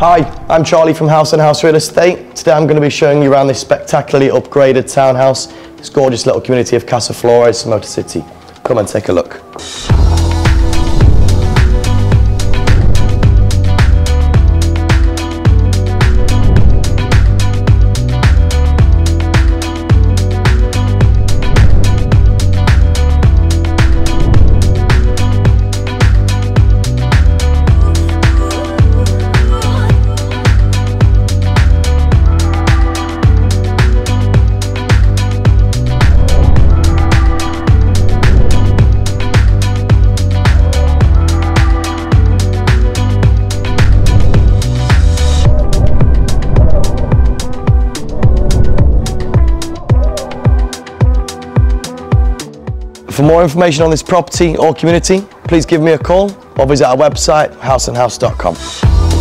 Hi, I'm Charlie from House & House Real Estate. Today I'm going to be showing you around this spectacularly upgraded townhouse, this gorgeous little community of Casa Flores, Motor City. Come and take a look. For more information on this property or community, please give me a call or visit our website houseandhouse.com.